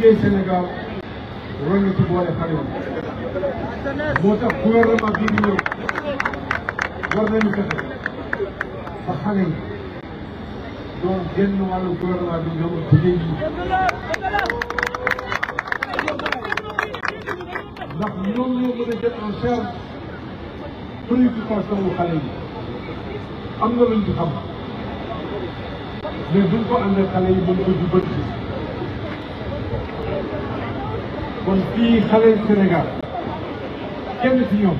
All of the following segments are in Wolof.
liggéey Sénégal war na ci boole famille moo tax gouvernement bii di ñëw war nañu fexe ba xale yi doon génn wàllu gouvernement bi ñoom jigéen ñi ndax ñoom ñoo mën a jël en charge préoccupation wu xale yi am na luñ ci xam mais buñ ko àndee xale yi mën ko jubanti ونفي خلل السنغال كم يوم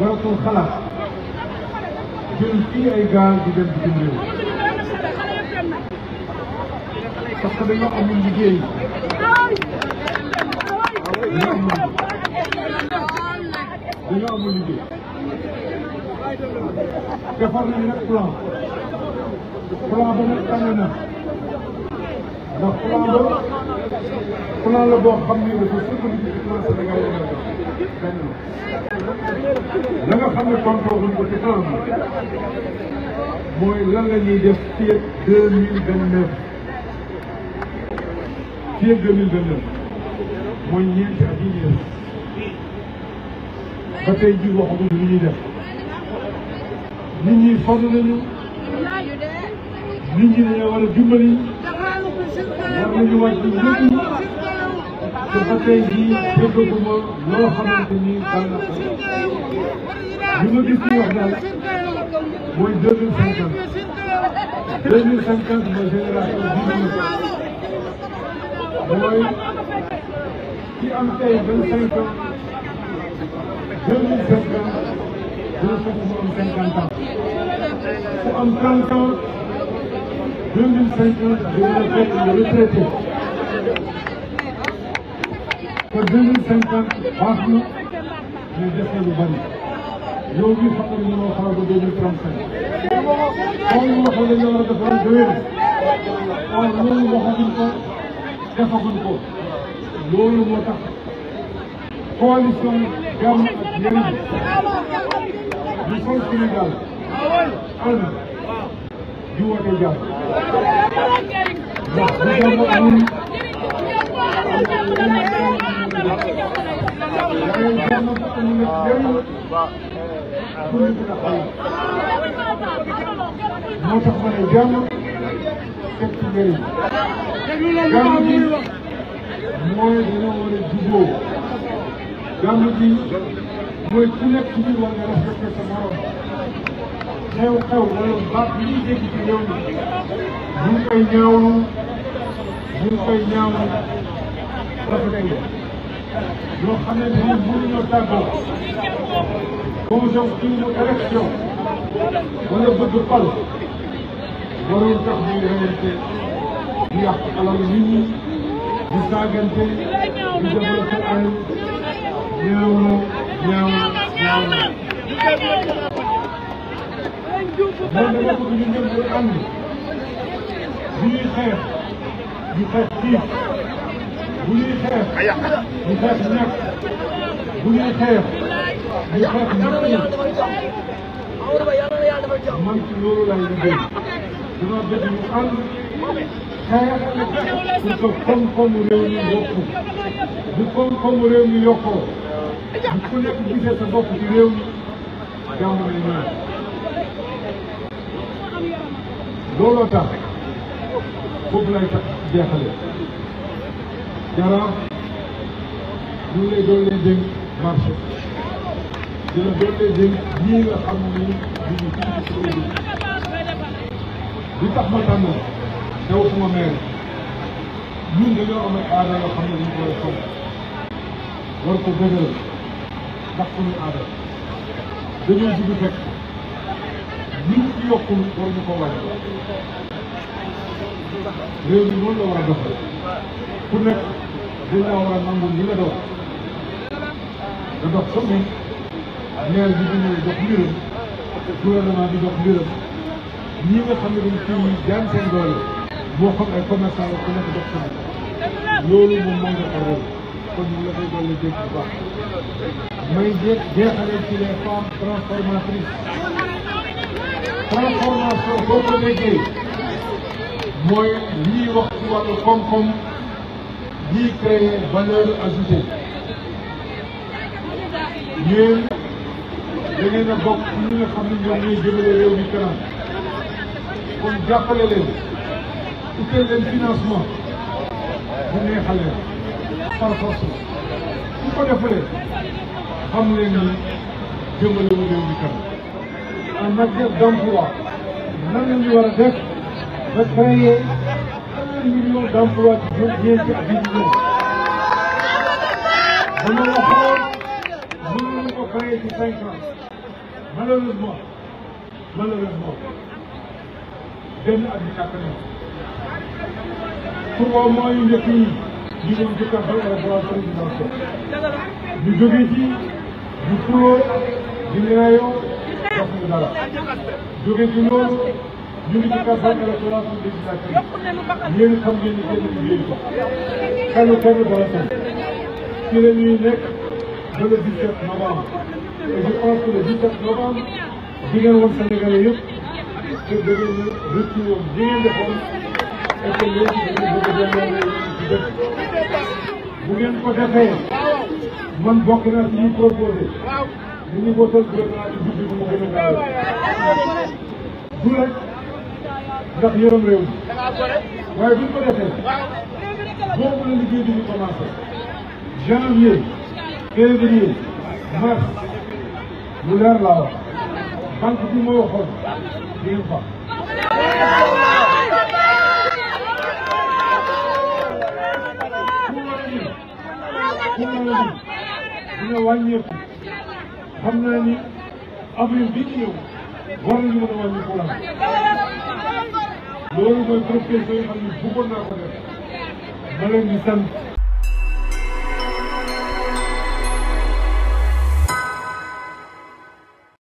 ورط الخلاص جل في أي قال بدم بدم فقد يؤمن بجيل يؤمن بجيل كفرنا من الطلاب طلاب من الطلاب plan la boo xam ne dafa sukkandiku ci plan Sénégal la nga xam ne tontu ko ci kanam mooy lan la ñuy def fii ak deux mille vingt neuf fii ak deux mille vingt neuf mooy ñeenti at yi ñuy def ba tey jii waxaguñ li ñuy def nit ñi sonn nañu nit ñi dañoo war a dimbali war nañu wàññi lépp te ba tey jii déggaguma loo xamante ni daal la ko li ma gis ñu wax daal mooy deux mille cinquante deux mille cinquante mooy génération bi mooy ki am tey vingt cinq ans deux mille cinquante deux cent cinquante ans ku am trente ans 2050, je vous rappelle, le retraité. te 2050 baax na mais des lu bari yow mii xam nga dañoo xaar ba 2035. comme li ma ko leen yàlla defal déwén waaye loolu waxaguñ ko defaguñ ko loolu moo tax coalition Gàmm ak Yewwi du sol Sénégal ànd. di woote jàmm ndax bu jàmm amul waaye jàmm amul njëriñ pour ñu mën a xayma moo tax ma ne jàmm teg ci njëriñ jàmm bi mooy dina war a jubóo jàmm bi mooy ku nekk ci biir war nga respecté sa morom xew-xew wala baat yi ñuy dégg ci réew mi ñu ngi koy ñaawlu ñu ngi koy ñaawlu rafetlu yoo xam ne dañu mënuñoo tàggoo conjonction une élection wala bëgg fal warul tax ñuy reyante di yàq alal nit ñi di saagante di développé ay ñaaw na ñaaw ñaaw na loolu la ñu ñun ñëpp ñu ànd bu ñuy xeex ñu xeex xiif bu ñuy xeex ñu xeex ñàkk bu ñuy xeex ñu xeex ñàkk man ci loolu laay liggéey dama bëgg ñu ànd xeex pour que koom-koomu réew mi yokku bu koom-koomu réew mi yokkoo bu ku nekk gisee sa bopp ci réew mi jàmm lay ñaan looloo tax foofu lay tax jeexale jaraaf ñu doon lay dénk marché di la doon lay dénk ñii nga xam ni ñu ngi ci produit bi tax ma tànn daw suma maire ñun dañoo am ay aada xam ne dañu ko war war ko dëgëral ndax suñu aada dañoo jigi fekk yokkul waruñu ko wàññi réew mi la war a doxal ku nekk dañ laa war a nangu li nga dox sa mbir maire bi dañoo jox mbiram gouvernement bi jox mbiram moo xam ay commerçant la ku nekk jox sa loolu moom moo nga aroon kon la koy dolli dégg baax may jeexale ci les femmes transformatrices transformation boo ko déggee mooy lii wax ci wàllu koom-koom lii créer valeur ajoutée yéen da ngeen bokk ci ñi xam ne ñoom ñooy jëmale réew mi kanam kon jàppale leen utal leen financement bu neexal leen par ko defalee xam leen ni jëmale réew mi kanam en matière d'emploi nan la ñu war a def ba créer un million d'emplois ci ñeenti at yii di ñëw. dama la xool mënuñu ko créer ci cinq ans malheureusement malheureusement benn at bi ñàkk na. trois mois yu njëkk yi ñu doon jëkkandoo élection présidentielle ñu jógee ci di xuloo di ŋaayoo yokkuñu dara. jóge ci loolu ñu ngi ci campagne électorale législative yéen xam ngeen ni kenn liggéey ko. kenn kenn dara tam. ci la ñuy nekk ba le 17 novembre. et je pense que le di ngeen woon Sénégalais yëpp te da ngeen ne retour woon di ngeen defoon et que léegi da ngeen bëgg a demee ci dëkk. bu ngeen ko defee man bokk naa ci ñuy proposé. ñu ngi wotal gouvernement bi budget bu mu gën a gaaw du rek ndax yërëm réew mi la liggéey bi ñu wax banque bi fa xam naa ni avril bi loolu mooy professeur yi xam ne bëggoon naa ko def ma leen di sant